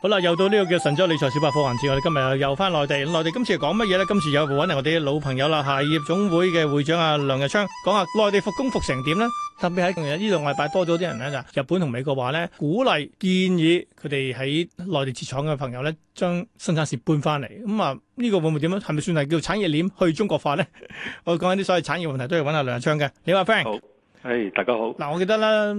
好啦，又到呢個叫神州理財小百科環節，我哋今日又返翻內地，內地今次講乜嘢咧？今次有部揾我哋老朋友啦，鞋業總會嘅會長阿梁日昌，講下內地復工復成點咧？特別日呢度禮拜多咗啲人咧，就日本同美國話咧鼓勵建議佢哋喺內地設廠嘅朋友咧，將生產線搬翻嚟。咁啊呢個會唔會點樣係咪算係叫產業鏈去中國化咧？ 我講緊啲所謂產業問題都係揾阿梁日昌嘅。你話，Frank？誒，hey, 大家好！嗱，我記得啦，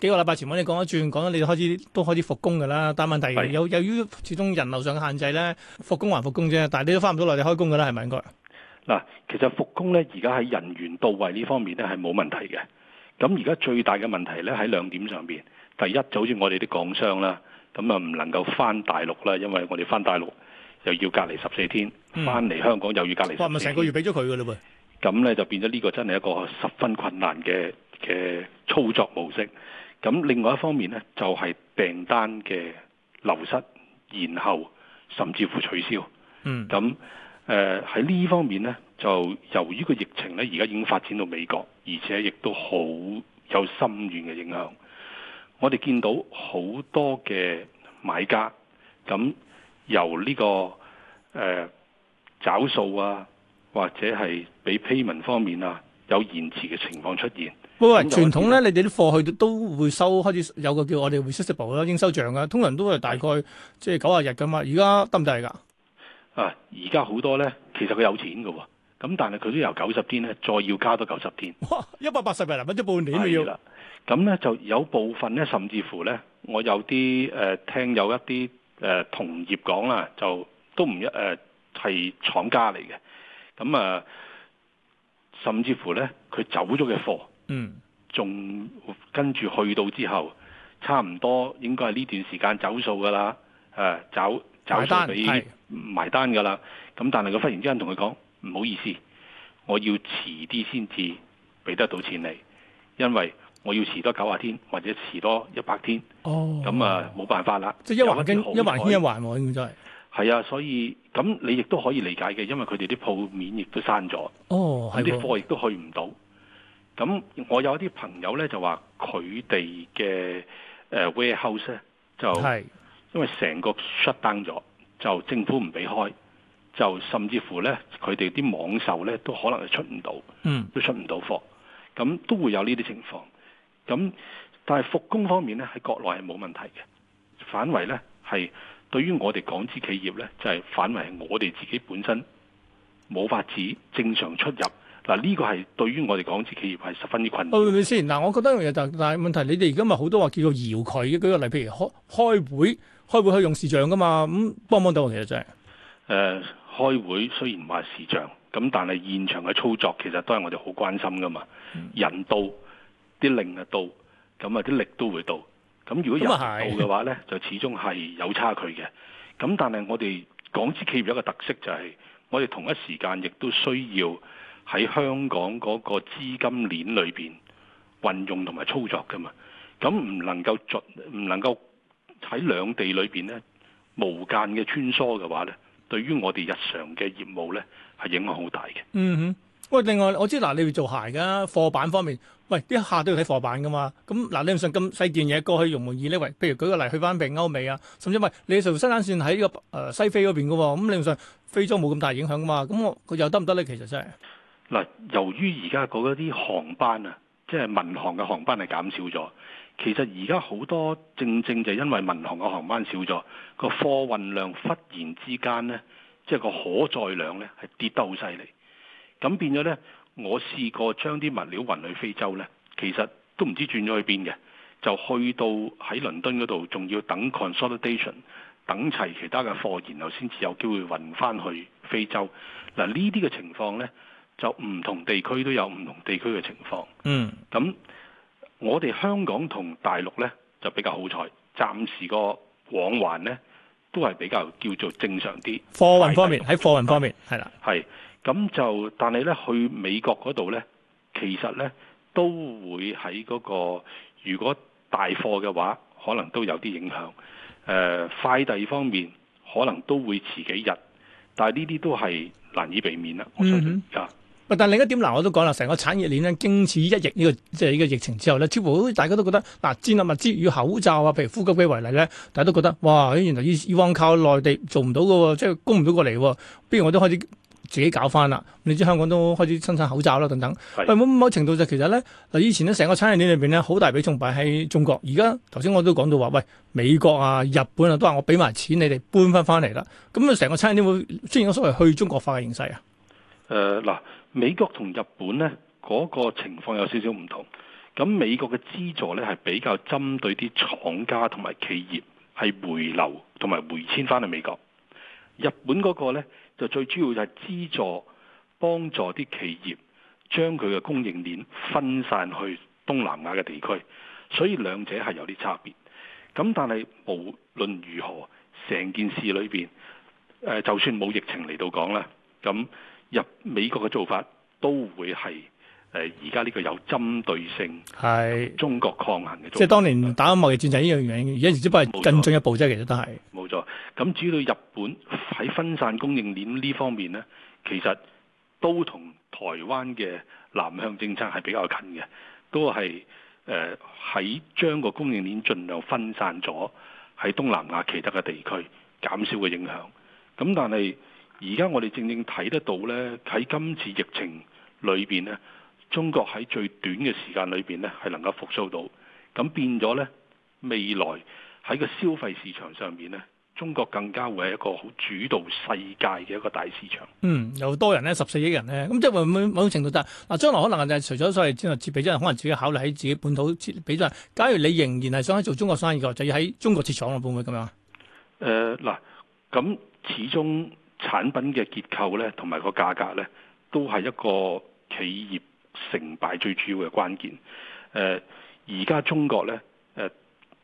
幾個禮拜前我哋講一轉，講到你開始都開始復工噶啦，但係問題係由由於始終人流上嘅限制咧，復工還復工啫，但係你都翻唔到內地開工噶啦，係咪應該？嗱，其實復工咧，而家喺人員到位呢方面咧係冇問題嘅。咁而家最大嘅問題咧喺兩點上邊。第一就好似我哋啲港商啦，咁啊唔能夠翻大陸啦，因為我哋翻大陸又要隔離十四天，翻嚟、嗯、香港又要隔離十四天。我咪成個月俾咗佢噶啦噃？咁咧就變咗呢個真係一個十分困難嘅嘅操作模式。咁另外一方面呢，就係訂單嘅流失，然後甚至乎取消。嗯。咁誒喺呢方面呢，就由於個疫情呢，而家已經發展到美國，而且亦都好有深遠嘅影響。我哋見到好多嘅買家，咁由呢個誒找數啊～或者係俾 payment 方面啊，有延遲嘅情況出現。喂，喂，傳統咧，你哋啲貨去都會收，開始有個叫我哋會 susceptible 啦，應收帳啊，通常都係大概即係九十日噶嘛。而家得唔得噶？啊，而家好多咧，其實佢有錢嘅喎、哦，咁但係佢都由九十天咧，再要加多九十天。一百八十日嚟緊都半年啦要。咁咧就有部分咧，甚至乎咧，我有啲誒、呃、聽有一啲誒、呃、同業講啦，就都唔一誒係廠家嚟嘅。咁啊，嗯嗯甚至乎咧，佢走咗嘅貨，嗯，仲跟住去到之後，差唔多應該係呢段時間走數噶啦、啊，誒，走走數俾埋單噶啦。咁但係佢忽然之間同佢講，唔好意思，我要遲啲先至俾得到錢你，因為我要遲多九十天或者遲多一百天，哦，咁啊冇辦法啦。即係一環經一環牽一環喎，咁真係。係啊，所以。咁你亦都可以理解嘅，因為佢哋啲鋪面亦都閂咗，佢啲、哦、貨亦都去唔到。咁我有啲朋友呢，就話佢哋嘅 warehouse 呢，就是因為成個 shutdown 咗，就政府唔俾開，就甚至乎呢，佢哋啲網售呢都可能係出唔到，嗯、都出唔到貨，咁都會有呢啲情況。咁但係復工方面呢，喺國內係冇問題嘅，反為呢係。對於我哋港資企業咧，就係、是、反為我哋自己本身冇法子正常出入嗱，呢個係對於我哋港資企業係十分之困難的。先，嗱，我覺得樣嘢就但係問題，你哋而家咪好多話叫做搖佢嘅，舉個例，譬如開開會，開會佢用視像噶嘛，咁幫唔幫到其實、就是？誒、呃，開會雖然唔係視像，咁但係現場嘅操作其實都係我哋好關心噶嘛，嗯、人到啲靈啊到，咁啊啲力都會到。咁如果有嘅話，呢就始終係有差距嘅。咁但係我哋港資企業有一個特色就係、是、我哋同一時間亦都需要喺香港嗰個資金鏈裏邊運用同埋操作噶嘛。咁唔能夠盡唔能夠喺兩地裏邊呢無間嘅穿梭嘅話，呢對於我哋日常嘅業務呢，係影響好大嘅。嗯哼。喂，另外我知嗱，你哋做鞋噶貨板方面，喂，一下都要睇貨板噶嘛。咁嗱，你唔信咁細件嘢過去容易呢喂，譬如舉個例，去翻譬如歐美啊，甚至喂，你從生產線喺呢、這個誒、呃、西非嗰邊噶喎，咁你唔信非洲冇咁大影響噶嘛？咁我佢又得唔得咧？其實真係嗱，由於而家嗰啲航班啊，即係民航嘅航班係減少咗，其實而家好多正正就因為民航嘅航班少咗，個貨運量忽然之間咧，即係個可載量咧係跌得好犀利。咁變咗呢，我試過將啲物料運去非洲呢，其實都唔知轉咗去邊嘅，就去到喺倫敦嗰度，仲要等 consolidation，等齊其他嘅貨，然後先至有機會運翻去非洲。嗱、啊，呢啲嘅情況呢，就唔同地區都有唔同地區嘅情況。嗯，咁我哋香港同大陸呢，就比較好彩，暫時個往還呢，都係比較叫做正常啲。貨運方面喺貨運方面係啦，咁就，但係咧去美國嗰度咧，其實咧都會喺嗰、嗰個如果大貨嘅話，可能都有啲影響。呃、快遞方面可能都會遲幾日，但係呢啲都係難以避免啦。我相信啊。喂、嗯，但另一點嗱，我都講啦，成個產業鏈咧經此一役、呢個。呢個即係呢個疫情之後咧，幾乎大家都覺得嗱，戰、啊、物資與口罩啊，譬如呼吸機為例咧，大家都覺得哇，原來以往靠內地做唔到㗎喎，即係供唔到過嚟喎，不如我都開始。自己搞翻啦！你知香港都開始生產口罩啦，等等。喂是，某某程度就其實咧，嗱，以前咧成個產業鏈裏邊咧，好大比重擺喺中國。而家頭先我都講到話，喂，美國啊、日本啊都話我俾埋錢你哋搬翻翻嚟啦。咁啊，成個產業鏈會出現咗所謂去中國化嘅形勢啊？誒嗱、呃，美國同日本咧嗰、那個情況有少少唔同。咁美國嘅資助咧係比較針對啲廠家同埋企業係回流同埋回遷翻去美國。日本嗰個咧就最主要就係資助幫助啲企業將佢嘅供應鏈分散去東南亞嘅地區，所以兩者係有啲差別，咁但係無論如何，成件事裏邊誒就算冇疫情嚟到講啦，咁日美國嘅做法都會係誒而家呢個有針對性，係中國抗衡嘅。即係當年打貿易戰就係呢樣嘢，而家只不過係更進一步啫，錯其實都係冇錯，咁至於到日本。喺分散供應鏈呢方面呢，其實都同台灣嘅南向政策係比較近嘅，都係誒喺將個供應鏈盡量分散咗喺東南亞其他嘅地區減少嘅影響，咁但係而家我哋正正睇得到呢，喺今次疫情裏邊呢，中國喺最短嘅時間裏邊呢，係能夠復甦到，咁變咗呢，未來喺個消費市場上面呢。中國更加會係一個好主導世界嘅一個大市場。嗯，有多人咧，十四億人咧，咁即係會唔會某種程度就嗱，將來可能就係除咗所謂之後設備，即係可能自己考慮喺自己本土設備咗。假如你仍然係想喺做中國生意嘅，就要喺中國設廠咯，會唔會咁樣？誒嗱、呃，咁始終產品嘅結構咧，同埋個價格咧，都係一個企業成敗最主要嘅關鍵。誒、呃，而家中國咧，誒、呃、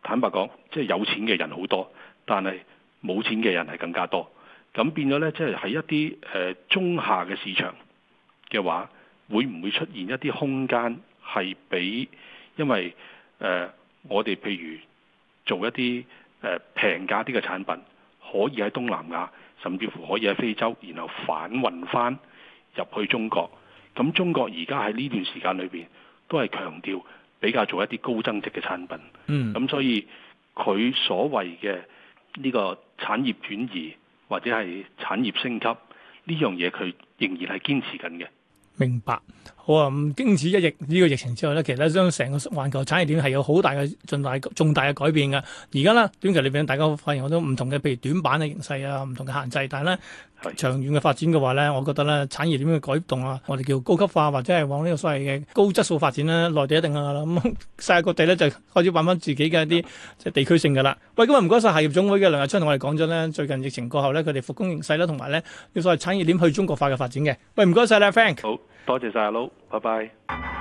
坦白講，即係有錢嘅人好多，但係，冇錢嘅人係更加多，咁變咗呢，即係喺一啲誒、呃、中下嘅市場嘅話，會唔會出現一啲空間係畀因為誒、呃、我哋譬如做一啲誒平價啲嘅產品，可以喺東南亞，甚至乎可以喺非洲，然後反運翻入去中國。咁中國而家喺呢段時間裏邊都係強調比較做一啲高增值嘅產品。嗯，咁所以佢所謂嘅。呢個產業轉移，或者係產業升級呢樣嘢，佢仍然係堅持緊嘅。明白。我、啊、經此一疫呢，這個疫情之後咧，其實將成個環球產業鏈係有好大嘅重大重大嘅改變嘅。而家呢，短期裏邊，大家發現好多唔同嘅，譬如短板嘅形勢啊，唔同嘅限制。但係咧是長遠嘅發展嘅話咧，我覺得咧產業鏈嘅改動啊，我哋叫高級化或者係往呢個所謂嘅高質素發展咧，內地一定係、啊、啦。咁世界各地咧就開始揾翻自己嘅一啲即係地區性嘅啦。喂，今日唔該晒鞋業總會嘅梁日昌同我哋講咗咧，最近疫情過後咧，佢哋復工形勢啦、啊，同埋咧所謂產業鏈去中國化嘅發展嘅。喂，唔該晒啦，Frank。多謝曬，阿老，拜拜。